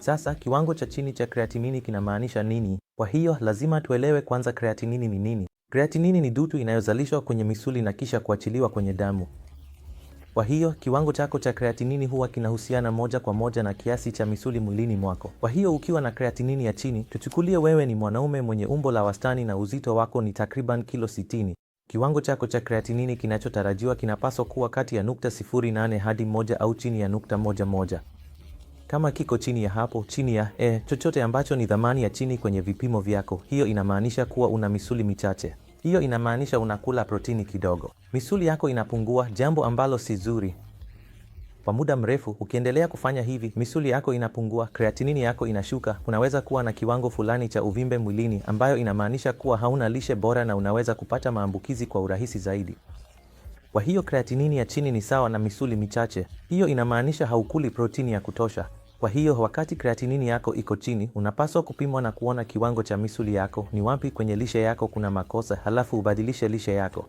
Sasa kiwango cha chini cha kreatinini kinamaanisha nini? Kwa hiyo lazima tuelewe kwanza kreatinini ni nini. Kreatinini ni dutu inayozalishwa kwenye misuli na kisha kuachiliwa kwenye damu. Kwa hiyo kiwango chako cha kreatinini huwa kinahusiana moja kwa moja na kiasi cha misuli mwilini mwako. Kwa hiyo ukiwa na kreatinini ya chini, tuchukulie wewe ni mwanaume mwenye umbo la wastani na uzito wako ni takriban kilo 60. Kiwango chako cha kreatinini kinachotarajiwa kinapaswa kuwa kati ya nukta 08 hadi 1 au chini ya nukta 11. Kama kiko chini ya hapo, chini ya e, chochote ambacho ni thamani ya chini kwenye vipimo vyako, hiyo inamaanisha kuwa una misuli michache. Hiyo inamaanisha unakula protini kidogo, misuli yako inapungua, jambo ambalo si zuri kwa muda mrefu. Ukiendelea kufanya hivi, misuli yako inapungua, kreatinini yako inashuka, unaweza kuwa na kiwango fulani cha uvimbe mwilini, ambayo inamaanisha kuwa hauna lishe bora na unaweza kupata maambukizi kwa urahisi zaidi. Kwa hiyo kreatinini ya chini ni sawa na misuli michache. Hiyo inamaanisha haukuli protini ya kutosha. Kwa hiyo wakati kreatinini yako iko chini, unapaswa kupimwa na kuona kiwango cha misuli yako, ni wapi kwenye lishe yako kuna makosa, halafu ubadilishe lishe yako.